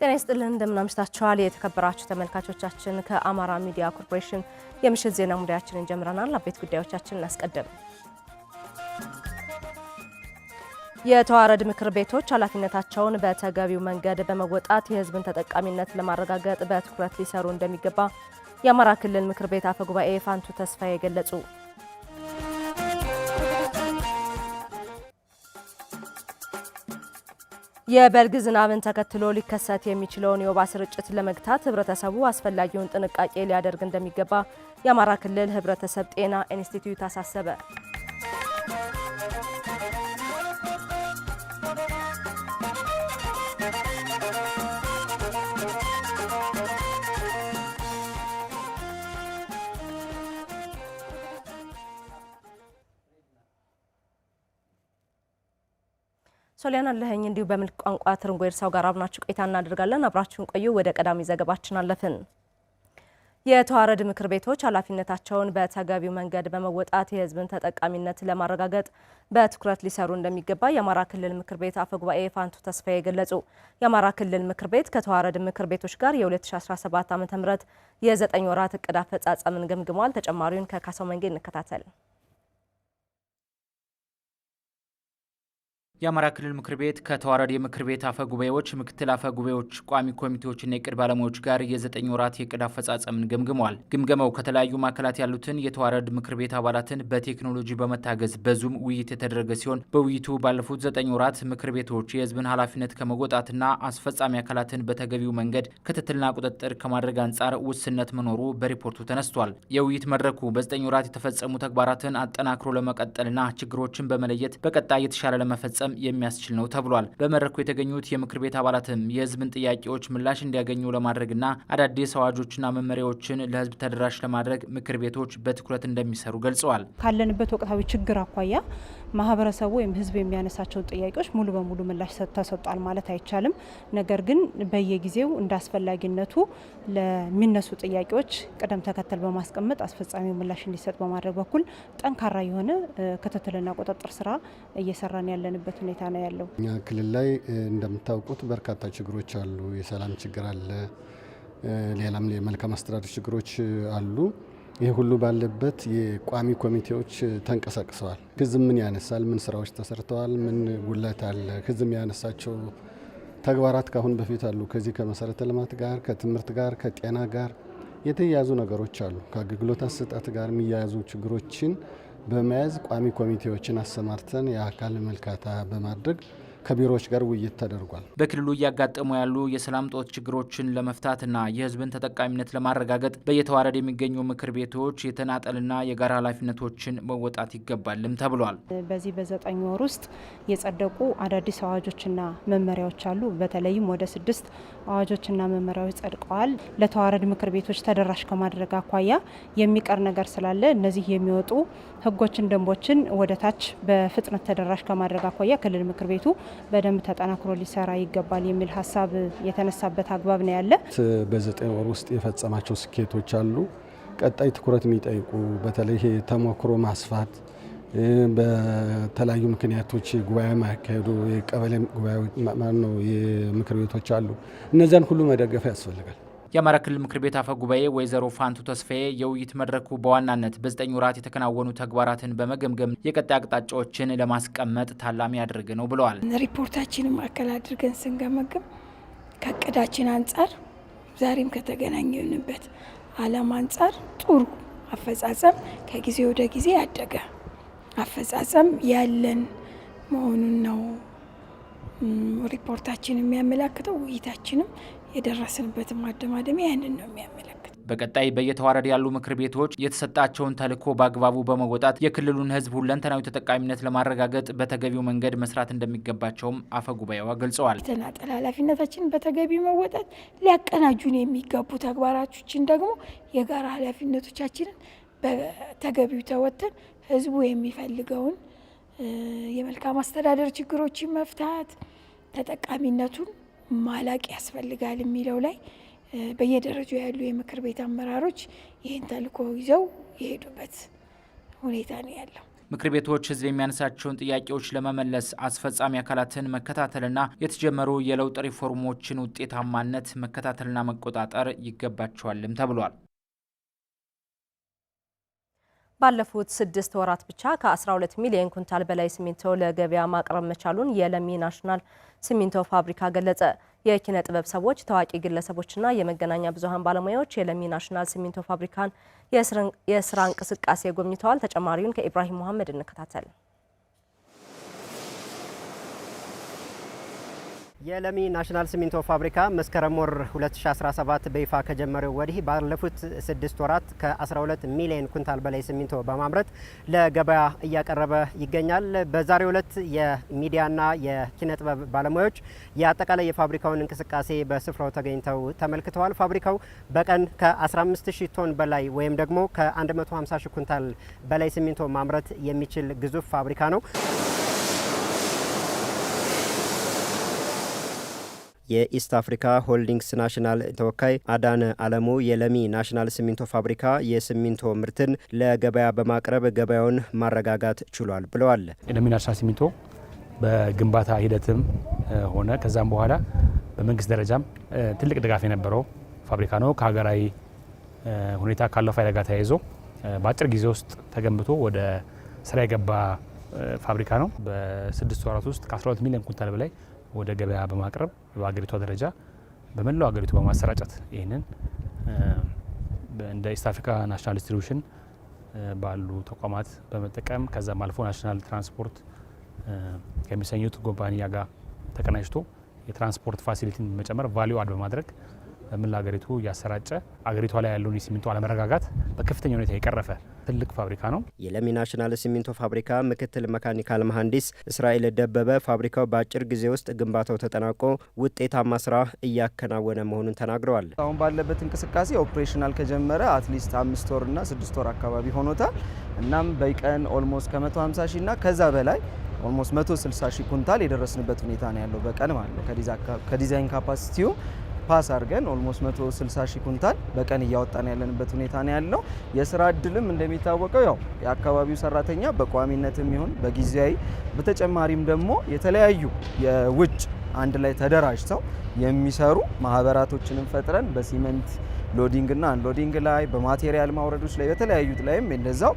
ጤና ይስጥልን እንደምናምሽታችኋል የተከበራችሁ ተመልካቾቻችን፣ ከአማራ ሚዲያ ኮርፖሬሽን የምሽት ዜና ሙዳያችንን ጀምረናል። አቤት ጉዳዮቻችን አስቀድም የተዋረድ ምክር ቤቶች ኃላፊነታቸውን በተገቢው መንገድ በመወጣት የሕዝብን ተጠቃሚነት ለማረጋገጥ በትኩረት ሊሰሩ እንደሚገባ የአማራ ክልል ምክር ቤት አፈ ጉባኤ ፋንቱ ተስፋዬ ገለጹ። የበልግ ዝናብን ተከትሎ ሊከሰት የሚችለውን የወባ ስርጭት ለመግታት ህብረተሰቡ አስፈላጊውን ጥንቃቄ ሊያደርግ እንደሚገባ የአማራ ክልል ህብረተሰብ ጤና ኢንስቲትዩት አሳሰበ። ሶሊያና ለህኝ እንዲሁ በምልክ ቋንቋ ትርንጎ ኤርሳው ጋር አብናችሁ ቆይታ እናደርጋለን። አብራችሁን ቆዩ። ወደ ቀዳሚ ዘገባችን አለፍን። የተዋረድ ምክር ቤቶች ኃላፊነታቸውን በተገቢው መንገድ በመወጣት የህዝብን ተጠቃሚነት ለማረጋገጥ በትኩረት ሊሰሩ እንደሚገባ የአማራ ክልል ምክር ቤት አፈ ጉባኤ ፋንቱ ተስፋዬ ገለጹ። የአማራ ክልል ምክር ቤት ከተዋረድ ምክር ቤቶች ጋር የ2017 ዓ.ም የዘጠኝ ወራት እቅድ አፈጻጸምን ገምግሟል። ተጨማሪውን ከካሰው መንጌ እንከታተል። የአማራ ክልል ምክር ቤት ከተዋረድ የምክር ቤት አፈ ጉባኤዎች፣ ምክትል አፈ ጉባኤዎች፣ ቋሚ ኮሚቴዎችና የቅድ ባለሙያዎች ጋር የዘጠኝ ወራት የቅድ አፈጻጸምን ገምግመዋል። ግምገማው ከተለያዩ ማዕከላት ያሉትን የተዋረድ ምክር ቤት አባላትን በቴክኖሎጂ በመታገዝ በዙም ውይይት የተደረገ ሲሆን በውይይቱ ባለፉት ዘጠኝ ወራት ምክር ቤቶች የህዝብን ኃላፊነት ከመወጣትና አስፈጻሚ አካላትን በተገቢው መንገድ ክትትልና ቁጥጥር ከማድረግ አንጻር ውስነት መኖሩ በሪፖርቱ ተነስቷል። የውይይት መድረኩ በዘጠኝ ወራት የተፈጸሙ ተግባራትን አጠናክሮ ለመቀጠልና ችግሮችን በመለየት በቀጣይ የተሻለ ለመፈጸም ለመፈጸም የሚያስችል ነው ተብሏል። በመድረኩ የተገኙት የምክር ቤት አባላትም የህዝብን ጥያቄዎች ምላሽ እንዲያገኙ ለማድረግና አዳዲስ አዋጆችና መመሪያዎችን ለህዝብ ተደራሽ ለማድረግ ምክር ቤቶች በትኩረት እንደሚሰሩ ገልጸዋል። ካለንበት ወቅታዊ ችግር አኳያ ማህበረሰቡ ወይም ህዝብ የሚያነሳቸውን ጥያቄዎች ሙሉ በሙሉ ምላሽ ተሰጧል ማለት አይቻልም። ነገር ግን በየጊዜው እንደ አስፈላጊነቱ ለሚነሱ ጥያቄዎች ቅደም ተከተል በማስቀመጥ አስፈጻሚው ምላሽ እንዲሰጥ በማድረግ በኩል ጠንካራ የሆነ ክትትልና ቁጥጥር ስራ እየሰራን ያለንበት ሁኔታ ነው ያለው። እኛ ክልል ላይ እንደምታውቁት በርካታ ችግሮች አሉ። የሰላም ችግር አለ። ሌላም የመልካም አስተዳደር ችግሮች አሉ። ይህ ሁሉ ባለበት የቋሚ ኮሚቴዎች ተንቀሳቅሰዋል። ህዝብ ምን ያነሳል? ምን ስራዎች ተሰርተዋል? ምን ጉለት አለ? ህዝብ ያነሳቸው ተግባራት ከአሁን በፊት አሉ። ከዚህ ከመሰረተ ልማት ጋር፣ ከትምህርት ጋር፣ ከጤና ጋር የተያያዙ ነገሮች አሉ። ከአገልግሎት አሰጣት ጋር የሚያያዙ ችግሮችን በመያዝ ቋሚ ኮሚቴዎችን አሰማርተን የአካል መልካታ በማድረግ ከቢሮዎች ጋር ውይይት ተደርጓል። በክልሉ እያጋጠሙ ያሉ የሰላም ጦት ችግሮችን ለመፍታትና የህዝብን ተጠቃሚነት ለማረጋገጥ በየተዋረድ የሚገኙ ምክር ቤቶች የተናጠልና የጋራ ኃላፊነቶችን መወጣት ይገባልም ተብሏል። በዚህ በዘጠኝ ወር ውስጥ የጸደቁ አዳዲስ አዋጆችና መመሪያዎች አሉ። በተለይም ወደ ስድስት አዋጆችና መመሪያዎች ጸድቀዋል። ለተዋረድ ምክር ቤቶች ተደራሽ ከማድረግ አኳያ የሚቀር ነገር ስላለ እነዚህ የሚወጡ ህጎችን፣ ደንቦችን ወደ ታች በፍጥነት ተደራሽ ከማድረግ አኳያ ክልል ምክር ቤቱ በደንብ ተጠናክሮ ሊሰራ ይገባል የሚል ሀሳብ የተነሳበት አግባብ ነው ያለ። በዘጠኝ ወር ውስጥ የፈጸማቸው ስኬቶች አሉ። ቀጣይ ትኩረት የሚጠይቁ በተለይ ተሞክሮ ማስፋት በተለያዩ ምክንያቶች ጉባኤ ማያካሄዱ የቀበሌ ጉባኤ ማነው የምክር ቤቶች አሉ። እነዚያን ሁሉ መደገፍ ያስፈልጋል። የአማራ ክልል ምክር ቤት አፈ ጉባኤ ወይዘሮ ፋንቱ ተስፋዬ የውይይት መድረኩ በዋናነት በዘጠኝ ወራት የተከናወኑ ተግባራትን በመገምገም የቀጣይ አቅጣጫዎችን ለማስቀመጥ ታላሚ ያደረገ ነው ብለዋል። ሪፖርታችንን ማዕከል አድርገን ስንገመግም ከእቅዳችን አንጻር ዛሬም ከተገናኘንበት ዓላማ አንጻር ጥሩ አፈጻጸም ከጊዜ ወደ ጊዜ ያደገ አፈጻጸም ያለን መሆኑን ነው ሪፖርታችን የሚያመላክተው። ውይይታችንም የደረስንበት ማደማደሚያ ያንን ነው የሚያመለክተው። በቀጣይ በየተዋረድ ያሉ ምክር ቤቶች የተሰጣቸውን ተልዕኮ በአግባቡ በመወጣት የክልሉን ሕዝብ ሁለንተናዊ ተጠቃሚነት ለማረጋገጥ በተገቢው መንገድ መስራት እንደሚገባቸውም አፈ ጉባኤዋ ገልጸዋል። ተናጠል ኃላፊነታችን በተገቢ መወጣት፣ ሊያቀናጁን የሚገቡ ተግባራቶችን ደግሞ የጋራ ኃላፊነቶቻችንን በተገቢው ተወጥተን ህዝቡ የሚፈልገውን የመልካም አስተዳደር ችግሮችን መፍታት፣ ተጠቃሚነቱን ማላቅ ያስፈልጋል የሚለው ላይ በየደረጃው ያሉ የምክር ቤት አመራሮች ይህን ተልኮ ይዘው የሄዱበት ሁኔታ ነው ያለው። ምክር ቤቶች ህዝብ የሚያነሳቸውን ጥያቄዎች ለመመለስ አስፈጻሚ አካላትን መከታተልና የተጀመሩ የለውጥ ሪፎርሞችን ውጤታማነት መከታተልና መቆጣጠር ይገባቸዋልም ተብሏል። ባለፉት ስድስት ወራት ብቻ ከ12 ሚሊዮን ኩንታል በላይ ሲሚንቶ ለገበያ ማቅረብ መቻሉን የለሚ ናሽናል ሲሚንቶ ፋብሪካ ገለጸ። የኪነ ጥበብ ሰዎች፣ ታዋቂ ግለሰቦችና የመገናኛ ብዙሃን ባለሙያዎች የለሚ ናሽናል ሲሚንቶ ፋብሪካን የስራ እንቅስቃሴ ጎብኝተዋል። ተጨማሪውን ከኢብራሂም መሐመድ እንከታተል። የለሚ ናሽናል ሲሚንቶ ፋብሪካ መስከረም ወር 2017 በይፋ ከጀመረው ወዲህ ባለፉት ስድስት ወራት ከ12 ሚሊዮን ኩንታል በላይ ሲሚንቶ በማምረት ለገበያ እያቀረበ ይገኛል። በዛሬው ዕለት የሚዲያና የኪነ ጥበብ ባለሙያዎች የአጠቃላይ የፋብሪካውን እንቅስቃሴ በስፍራው ተገኝተው ተመልክተዋል። ፋብሪካው በቀን ከ15 ሺህ ቶን በላይ ወይም ደግሞ ከ150 ሺህ ኩንታል በላይ ሲሚንቶ ማምረት የሚችል ግዙፍ ፋብሪካ ነው። የኢስት አፍሪካ ሆልዲንግስ ናሽናል ተወካይ አዳነ አለሙ የለሚ ናሽናል ሲሚንቶ ፋብሪካ የሲሚንቶ ምርትን ለገበያ በማቅረብ ገበያውን ማረጋጋት ችሏል ብለዋል። የለሚ ናሽናል ሲሚንቶ በግንባታ ሂደትም ሆነ ከዛም በኋላ በመንግስት ደረጃም ትልቅ ድጋፍ የነበረው ፋብሪካ ነው። ከሀገራዊ ሁኔታ ካለው ፋይዳ ጋር ተያይዞ በአጭር ጊዜ ውስጥ ተገንብቶ ወደ ስራ የገባ ፋብሪካ ነው። በስድስት ወራት ውስጥ ከ12 ሚሊዮን ኩንታል በላይ ወደ ገበያ በማቅረብ በሀገሪቷ ደረጃ በመላው ሀገሪቱ በማሰራጨት ይህንን እንደ ኢስት አፍሪካ ናሽናል ዲስትሪቢሽን ባሉ ተቋማት በመጠቀም ከዛም አልፎ ናሽናል ትራንስፖርት ከሚሰኙት ኩባንያ ጋር ተቀናጅቶ የትራንስፖርት ፋሲሊቲን በመጨመር ቫሊዩ አድ በማድረግ በምን ሀገሪቱ እያሰራጨ አገሪቷ ላይ ያለውን የሲሚንቶ አለመረጋጋት በከፍተኛ ሁኔታ የቀረፈ ትልቅ ፋብሪካ ነው። የለሚ ናሽናል ሲሚንቶ ፋብሪካ ምክትል መካኒካል መሐንዲስ እስራኤል ደበበ ፋብሪካው በአጭር ጊዜ ውስጥ ግንባታው ተጠናቆ ውጤታማ ስራ እያከናወነ መሆኑን ተናግረዋል። አሁን ባለበት እንቅስቃሴ ኦፕሬሽናል ከጀመረ አትሊስት አምስት ወር እና ስድስት ወር አካባቢ ሆኖታል። እናም በቀን ኦልሞስት ከ150 ሺህ እና ከዛ በላይ ኦልሞስት 160 ሺህ ኩንታል የደረስንበት ሁኔታ ነው ያለው በቀን ማለት ነው ከዲዛይን ካፓሲቲው ፓስ አድርገን ኦልሞስት 160 ሺህ ኩንታል በቀን እያወጣን ያለንበት ሁኔታ ነው ያለው። የስራ እድልም እንደሚታወቀው ያው የአካባቢው ሰራተኛ በቋሚነትም ይሁን በጊዜያዊ በተጨማሪም ደግሞ የተለያዩ የውጭ አንድ ላይ ተደራጅተው የሚሰሩ ማህበራቶችንም ፈጥረን በሲመንት ሎዲንግ እና አንሎዲንግ ላይ በማቴሪያል ማውረዶች ላይ በተለያዩት ላይም እንደዛው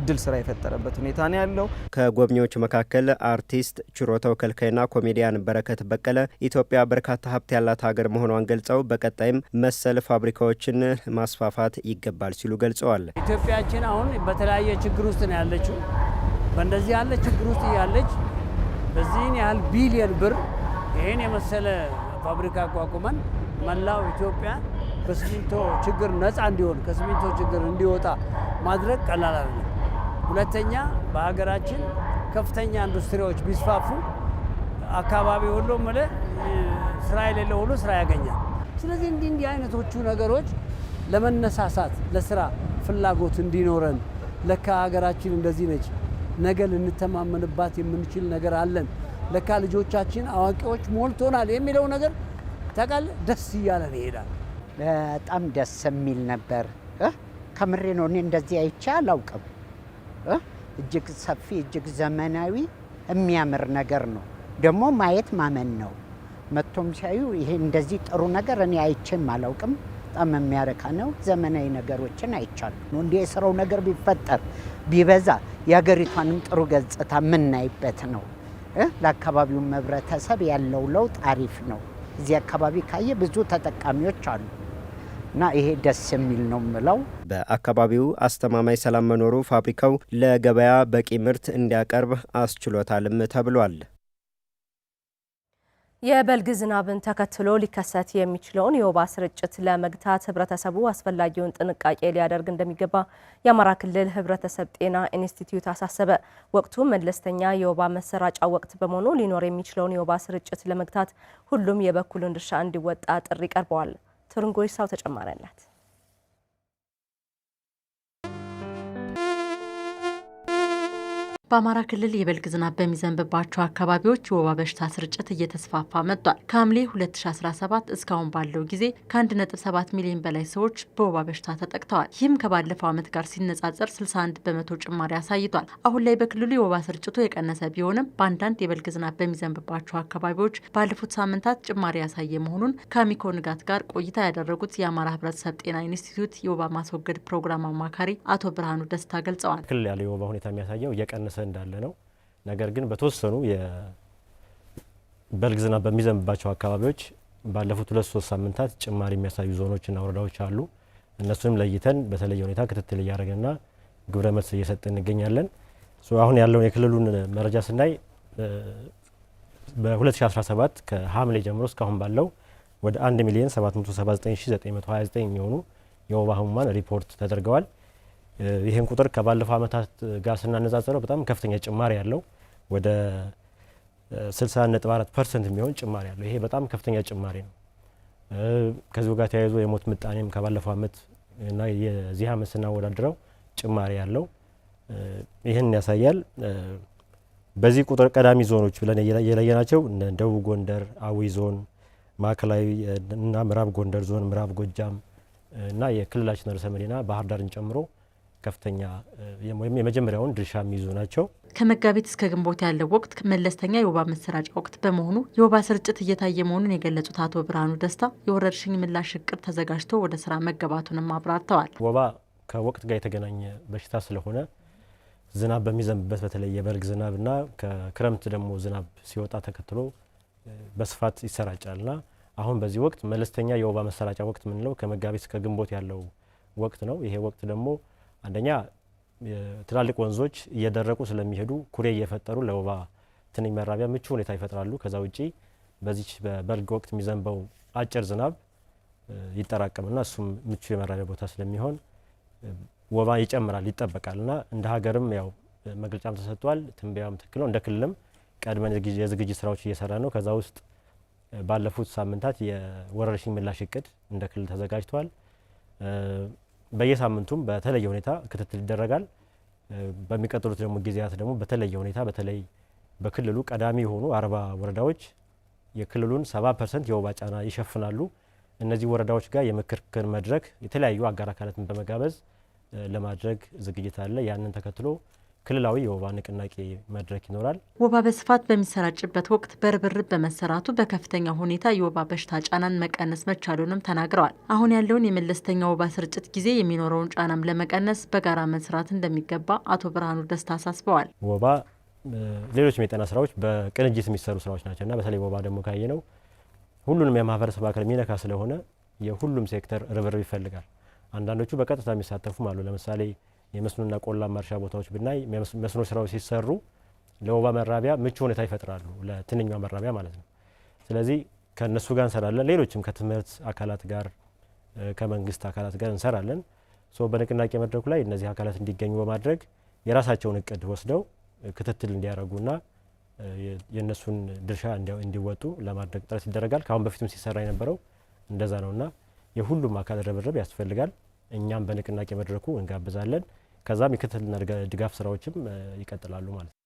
እድል ስራ የፈጠረበት ሁኔታ ነው ያለው። ከጎብኚዎች መካከል አርቲስት ችሮተው ከልካይና ኮሜዲያን በረከት በቀለ ኢትዮጵያ በርካታ ሀብት ያላት ሀገር መሆኗን ገልጸው በቀጣይም መሰል ፋብሪካዎችን ማስፋፋት ይገባል ሲሉ ገልጸዋል። ኢትዮጵያችን አሁን በተለያየ ችግር ውስጥ ነው ያለችው። በእንደዚህ ያለ ችግር ውስጥ እያለች በዚህን ያህል ቢሊየን ብር ይህን የመሰለ ፋብሪካ አቋቁመን መላው ኢትዮጵያ ከሲሚንቶ ችግር ነፃ እንዲሆን ከሲሚንቶ ችግር እንዲወጣ ማድረግ ቀላል አይደለም። ሁለተኛ በሀገራችን ከፍተኛ ኢንዱስትሪዎች ቢስፋፉ አካባቢ ሁሉ ምለ ስራ የሌለው ሁሉ ስራ ያገኛል። ስለዚህ እንዲህ እንዲህ አይነቶቹ ነገሮች ለመነሳሳት ለስራ ፍላጎት እንዲኖረን ለካ ሀገራችን እንደዚህ ነች፣ ነገ ልንተማመንባት የምንችል ነገር አለን፣ ለካ ልጆቻችን አዋቂዎች ሞልቶናል የሚለው ነገር ታውቃለህ፣ ደስ እያለ ይሄዳል። በጣም ደስ የሚል ነበር። ከምሬ ነው። እኔ እንደዚህ አይቼ አላውቅም። እጅግ ሰፊ፣ እጅግ ዘመናዊ፣ የሚያምር ነገር ነው። ደግሞ ማየት ማመን ነው። መጥቶም ሲያዩ ይሄ እንደዚህ ጥሩ ነገር እኔ አይቼም አላውቅም። በጣም የሚያረካ ነው። ዘመናዊ ነገሮችን አይቻለሁ። እንዲ የስራው ነገር ቢፈጠር ቢበዛ የሀገሪቷንም ጥሩ ገጽታ የምናይበት ነው። ለአካባቢው ህብረተሰብ ያለው ለውጥ አሪፍ ነው። እዚህ አካባቢ ካየ ብዙ ተጠቃሚዎች አሉ እና ይሄ ደስ የሚል ነው ምለው። በአካባቢው አስተማማኝ ሰላም መኖሩ ፋብሪካው ለገበያ በቂ ምርት እንዲያቀርብ አስችሎታልም ተብሏል። የበልግ ዝናብን ተከትሎ ሊከሰት የሚችለውን የወባ ስርጭት ለመግታት ህብረተሰቡ አስፈላጊውን ጥንቃቄ ሊያደርግ እንደሚገባ የአማራ ክልል ህብረተሰብ ጤና ኢንስቲትዩት አሳሰበ። ወቅቱ መለስተኛ የወባ መሰራጫ ወቅት በመሆኑ ሊኖር የሚችለውን የወባ ስርጭት ለመግታት ሁሉም የበኩሉን ድርሻ እንዲወጣ ጥሪ ቀርበዋል። ትርንጎይሳው ተጨማሪ አላት። በአማራ ክልል የበልግ ዝናብ በሚዘንብባቸው አካባቢዎች የወባ በሽታ ስርጭት እየተስፋፋ መጥቷል። ከሐምሌ 2017 እስካሁን ባለው ጊዜ ከ1.7 ሚሊዮን በላይ ሰዎች በወባ በሽታ ተጠቅተዋል። ይህም ከባለፈው ዓመት ጋር ሲነጻጸር 61 በመቶ ጭማሪ አሳይቷል። አሁን ላይ በክልሉ የወባ ስርጭቱ የቀነሰ ቢሆንም በአንዳንድ የበልግ ዝናብ በሚዘንብባቸው አካባቢዎች ባለፉት ሳምንታት ጭማሪ ያሳየ መሆኑን ከአሚኮ ንጋት ጋር ቆይታ ያደረጉት የአማራ ህብረተሰብ ጤና ኢንስቲትዩት የወባ ማስወገድ ፕሮግራም አማካሪ አቶ ብርሃኑ ደስታ ገልጸዋል። ክልል ያለው የወባ ሁኔታ የሚያሳየው እየቀነሰ እንዳለ ነው። ነገር ግን በተወሰኑ የበልግ ዝናብ በሚዘንብባቸው አካባቢዎች ባለፉት ሁለት ሶስት ሳምንታት ጭማሪ የሚያሳዩ ዞኖችና ወረዳዎች አሉ። እነሱንም ለይተን በተለየ ሁኔታ ክትትል እያደረገና ግብረ መልስ እየሰጠ እንገኛለን። አሁን ያለውን የክልሉን መረጃ ስናይ በ2017 ከሐምሌ ጀምሮ እስካሁን ባለው ወደ 1 ሚሊዮን 779929 የሚሆኑ የወባ ህሙማን ሪፖርት ተደርገዋል። ይህን ቁጥር ከባለፈው ዓመታት ጋር ስናነጻጸረው በጣም ከፍተኛ ጭማሪ ያለው ወደ 60.4 ፐርሰንት የሚሆን ጭማሪ ያለው ይሄ በጣም ከፍተኛ ጭማሪ ነው። ከዚሁ ጋር ተያይዞ የሞት ምጣኔም ከባለፈው ዓመት እና የዚህ ዓመት ስናወዳድረው ጭማሪ ያለው ይህን ያሳያል። በዚህ ቁጥር ቀዳሚ ዞኖች ብለን የለየናቸው ደቡብ ጎንደር፣ አዊ ዞን፣ ማዕከላዊ እና ምዕራብ ጎንደር ዞን፣ ምዕራብ ጎጃም እና የክልላችን ርዕሰ መዲና ባህር ዳርን ጨምሮ ከፍተኛ ወይም የመጀመሪያውን ድርሻ የሚይዙ ናቸው። ከመጋቢት እስከ ግንቦት ያለው ወቅት መለስተኛ የወባ መሰራጫ ወቅት በመሆኑ የወባ ስርጭት እየታየ መሆኑን የገለጹት አቶ ብርሃኑ ደስታ የወረርሽኝ ምላሽ እቅድ ተዘጋጅቶ ወደ ስራ መገባቱንም አብራርተዋል። ወባ ከወቅት ጋር የተገናኘ በሽታ ስለሆነ ዝናብ በሚዘንብበት በተለይ የበልግ ዝናብና ከክረምት ደግሞ ዝናብ ሲወጣ ተከትሎ በስፋት ና አሁን በዚህ ወቅት መለስተኛ የወባ መሰራጫ ወቅት የምንለው ከመጋቢት እስከ ግንቦት ያለው ወቅት ነው። ይሄ ወቅት ደግሞ አንደኛ ትላልቅ ወንዞች እየደረቁ ስለሚሄዱ ኩሬ እየፈጠሩ ለወባ ትንኝ መራቢያ ምቹ ሁኔታ ይፈጥራሉ። ከዛ ውጪ በዚች በበልግ ወቅት የሚዘንበው አጭር ዝናብ ይጠራቀምና እሱም ምቹ የመራቢያ ቦታ ስለሚሆን ወባ ይጨምራል ይጠበቃል። እና እንደ ሀገርም ያው መግለጫም ተሰጥቷል፣ ትንበያም ነው። እንደ ክልልም ቀድመን የዝግጅት ስራዎች እየሰራ ነው። ከዛ ውስጥ ባለፉት ሳምንታት የወረርሽኝ ምላሽ እቅድ እንደ ክልል ተዘጋጅቷል። በየሳምንቱም በተለየ ሁኔታ ክትትል ይደረጋል። በሚቀጥሉት ደግሞ ጊዜያት ደግሞ በተለየ ሁኔታ በተለይ በክልሉ ቀዳሚ የሆኑ አርባ ወረዳዎች የክልሉን ሰባ ፐርሰንት የወባ ጫና ይሸፍናሉ። እነዚህ ወረዳዎች ጋር የምክክር መድረክ የተለያዩ አጋር አካላትን በመጋበዝ ለማድረግ ዝግጅት አለ። ያንን ተከትሎ ክልላዊ የወባ ንቅናቄ መድረክ ይኖራል። ወባ በስፋት በሚሰራጭበት ወቅት በርብርብ በመሰራቱ በከፍተኛ ሁኔታ የወባ በሽታ ጫናን መቀነስ መቻሉንም ተናግረዋል። አሁን ያለውን የመለስተኛ ወባ ስርጭት ጊዜ የሚኖረውን ጫናም ለመቀነስ በጋራ መስራት እንደሚገባ አቶ ብርሃኑ ደስታ አሳስበዋል። ወባ ሌሎችም የጤና ስራዎች በቅንጅት የሚሰሩ ስራዎች ናቸው እና በተለይ ወባ ደግሞ ካየ ነው ሁሉንም የማህበረሰብ አካል የሚነካ ስለሆነ የሁሉም ሴክተር ርብርብ ይፈልጋል። አንዳንዶቹ በቀጥታ የሚሳተፉም አሉ። ለምሳሌ የመስኖና ቆላማ እርሻ ቦታዎች ብናይ መስኖ ስራዎች ሲሰሩ ለወባ መራቢያ ምቹ ሁኔታ ይፈጥራሉ፣ ለትንኛ መራቢያ ማለት ነው። ስለዚህ ከእነሱ ጋር እንሰራለን። ሌሎችም ከትምህርት አካላት ጋር ከመንግስት አካላት ጋር እንሰራለን። በንቅናቄ መድረኩ ላይ እነዚህ አካላት እንዲገኙ በማድረግ የራሳቸውን እቅድ ወስደው ክትትል እንዲያደርጉና የእነሱን ድርሻ እንዲወጡ ለማድረግ ጥረት ይደረጋል። ከአሁን በፊትም ሲሰራ የነበረው እንደዛ ነውና የሁሉም አካል ርብርብ ያስፈልጋል። እኛም በንቅናቄ መድረኩ እንጋብዛለን። ከዛም የክትትልና ድጋፍ ስራዎችም ይቀጥላሉ ማለት ነው።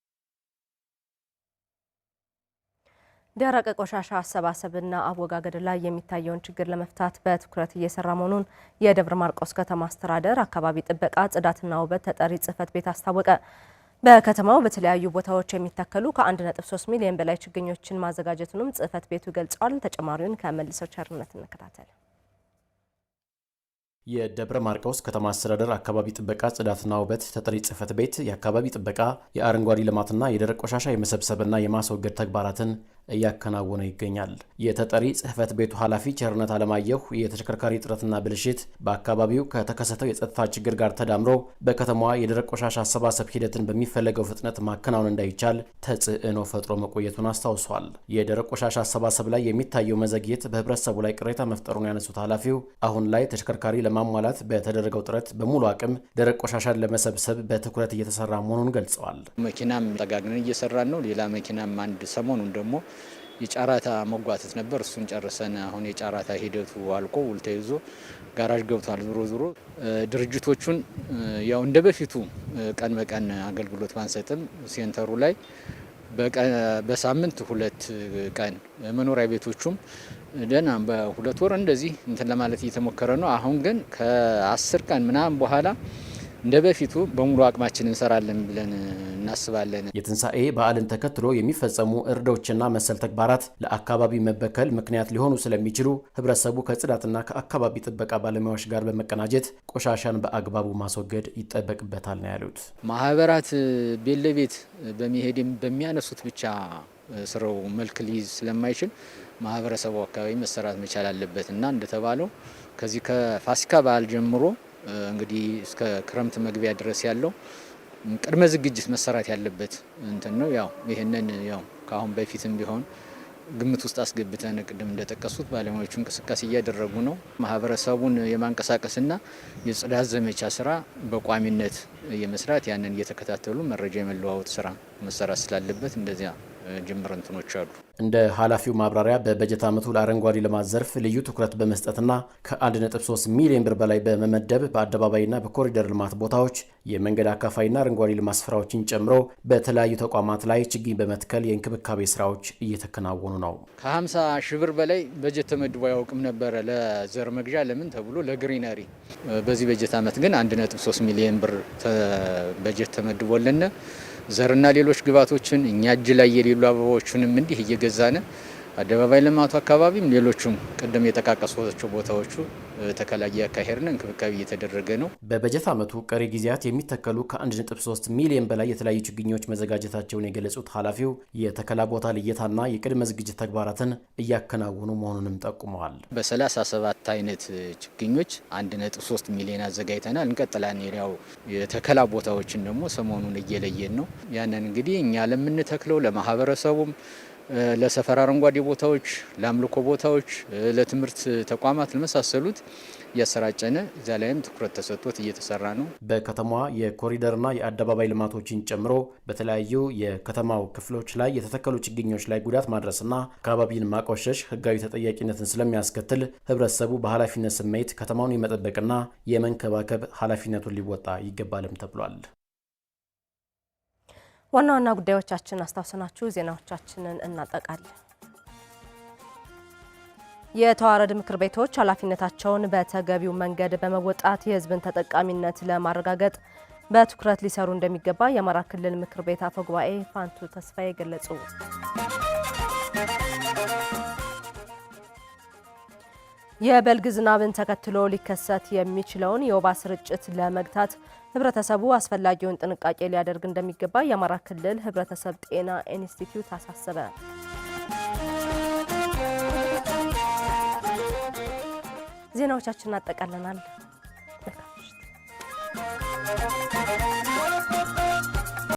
ደረቅ ቆሻሻ አሰባሰብና አወጋገድ ላይ የሚታየውን ችግር ለመፍታት በትኩረት እየሰራ መሆኑን የደብረ ማርቆስ ከተማ አስተዳደር አካባቢ ጥበቃ ጽዳትና ውበት ተጠሪ ጽህፈት ቤት አስታወቀ። በከተማው በተለያዩ ቦታዎች የሚተከሉ ከ1.3 ሚሊዮን በላይ ችግኞችን ማዘጋጀቱንም ጽህፈት ቤቱ ገልጿል። ተጨማሪውን ከመልሰው ቸርነት እንከታተል። የደብረ ማርቆስ ከተማ አስተዳደር አካባቢ ጥበቃ ጽዳትና ውበት ተጠሪ ጽሕፈት ቤት የአካባቢ ጥበቃ የአረንጓዴ ልማትና የደረቅ ቆሻሻ የመሰብሰብና የማስወገድ ተግባራትን እያከናወነ ይገኛል። የተጠሪ ጽህፈት ቤቱ ኃላፊ ቸርነት አለማየሁ የተሽከርካሪ እጥረትና ብልሽት በአካባቢው ከተከሰተው የጸጥታ ችግር ጋር ተዳምሮ በከተማዋ የደረቅ ቆሻሻ አሰባሰብ ሂደትን በሚፈለገው ፍጥነት ማከናወን እንዳይቻል ተጽዕኖ ፈጥሮ መቆየቱን አስታውሷል። የደረቅ ቆሻሻ አሰባሰብ ላይ የሚታየው መዘግየት በህብረተሰቡ ላይ ቅሬታ መፍጠሩን ያነሱት ኃላፊው አሁን ላይ ተሽከርካሪ ለማሟላት በተደረገው ጥረት በሙሉ አቅም ደረቅ ቆሻሻን ለመሰብሰብ በትኩረት እየተሰራ መሆኑን ገልጸዋል። መኪናም ጠጋግነን እየሰራን ነው። ሌላ መኪናም አንድ ሰሞኑን ደግሞ የጫራታ መጓተት ነበር። እሱን ጨርሰን አሁን የጫራታ ሂደቱ አልቆ ውል ተይዞ ጋራዥ ገብቷል። ዞሮ ዞሮ ድርጅቶቹን ያው እንደ በፊቱ ቀን በቀን አገልግሎት ባንሰጥም ሴንተሩ ላይ በሳምንት ሁለት ቀን መኖሪያ ቤቶቹም ደህና በሁለት ወር እንደዚህ እንትን ለማለት እየተሞከረ ነው። አሁን ግን ከአስር ቀን ምናምን በኋላ እንደ በፊቱ በሙሉ አቅማችን እንሰራለን ብለን እናስባለን። የትንሣኤ በዓልን ተከትሎ የሚፈጸሙ እርዶችና መሰል ተግባራት ለአካባቢ መበከል ምክንያት ሊሆኑ ስለሚችሉ ህብረተሰቡ ከጽዳትና ከአካባቢ ጥበቃ ባለሙያዎች ጋር በመቀናጀት ቆሻሻን በአግባቡ ማስወገድ ይጠበቅበታል ነው ያሉት። ማህበራት ቤት ለቤት በሚሄድም በሚያነሱት ብቻ ስራው መልክ ሊይዝ ስለማይችል ማህበረሰቡ አካባቢ መሰራት መቻል አለበት እና እንደተባለው ከዚህ ከፋሲካ በዓል ጀምሮ እንግዲህ እስከ ክረምት መግቢያ ድረስ ያለው ቅድመ ዝግጅት መሰራት ያለበት እንትን ነው። ያው ይህንን ያው ከአሁን በፊትም ቢሆን ግምት ውስጥ አስገብተን ቅድም እንደጠቀሱት ባለሙያዎቹ እንቅስቃሴ እያደረጉ ነው። ማህበረሰቡን የማንቀሳቀስና የጽዳት ዘመቻ ስራ በቋሚነት የመስራት ያንን እየተከታተሉ መረጃ የመለዋወጥ ስራ መሰራት ስላለበት እንደዚያ ጅምር እንትኖች አሉ። እንደ ኃላፊው ማብራሪያ በበጀት ዓመቱ ለአረንጓዴ ልማት ዘርፍ ልዩ ትኩረት በመስጠትና ከ1.3 ሚሊዮን ብር በላይ በመመደብ በአደባባይና በኮሪደር ልማት ቦታዎች የመንገድ አካፋይና አረንጓዴ ልማት ስፍራዎችን ጨምሮ በተለያዩ ተቋማት ላይ ችግኝ በመትከል የእንክብካቤ ስራዎች እየተከናወኑ ነው። ከ50 ሺህ ብር በላይ በጀት ተመድቦ አያውቅም ነበረ ለዘር መግዣ ለምን ተብሎ ለግሪነሪ። በዚህ በጀት ዓመት ግን 1.3 ሚሊዮን ብር በጀት ተመድቦልን ዘርና ሌሎች ግብዓቶችን እኛ እጅ ላይ የሌሉ አበባዎችንም እንዲህ እየገዛን አደባባይ ልማቱ አካባቢም ሌሎቹም ቅድም የጠቃቀሷቸው ቦታዎቹ ተከላ እያካሄድን እንክብካቤ እየተደረገ ነው። በበጀት ዓመቱ ቀሪ ጊዜያት የሚተከሉ ከ1.3 ሚሊዮን በላይ የተለያዩ ችግኞች መዘጋጀታቸውን የገለጹት ኃላፊው የተከላ ቦታ ልየታና የቅድመ ዝግጅት ተግባራትን እያከናወኑ መሆኑንም ጠቁመዋል። በ37 አይነት ችግኞች 1.3 ሚሊዮን አዘጋጅተናል። እንቀጥላን ያው የተከላ ቦታዎችን ደግሞ ሰሞኑን እየለየን ነው። ያንን እንግዲህ እኛ ለምንተክለው ለማህበረሰቡም ለሰፈር አረንጓዴ ቦታዎች፣ ለአምልኮ ቦታዎች፣ ለትምህርት ተቋማት ለመሳሰሉት እያሰራጨነ እዚያ ላይም ትኩረት ተሰጥቶት እየተሰራ ነው። በከተማዋ የኮሪደርና የአደባባይ ልማቶችን ጨምሮ በተለያዩ የከተማው ክፍሎች ላይ የተተከሉ ችግኞች ላይ ጉዳት ማድረስና አካባቢን ማቆሸሽ ህጋዊ ተጠያቂነትን ስለሚያስከትል ህብረተሰቡ በኃላፊነት ስሜት ከተማውን የመጠበቅና የመንከባከብ ኃላፊነቱን ሊወጣ ይገባልም ተብሏል። ዋና ዋና ጉዳዮቻችን አስታውሰናችሁ ዜናዎቻችንን እናጠቃለን። የተዋረድ ምክር ቤቶች ኃላፊነታቸውን በተገቢው መንገድ በመወጣት የሕዝብን ተጠቃሚነት ለማረጋገጥ በትኩረት ሊሰሩ እንደሚገባ የአማራ ክልል ምክር ቤት አፈ ጉባኤ ፋንቱ ተስፋዬ ገለጹ። የበልግ ዝናብን ተከትሎ ሊከሰት የሚችለውን የወባ ስርጭት ለመግታት ህብረተሰቡ አስፈላጊውን ጥንቃቄ ሊያደርግ እንደሚገባ የአማራ ክልል ህብረተሰብ ጤና ኢንስቲትዩት አሳሰበ። ዜናዎቻችንን አጠቃለናል።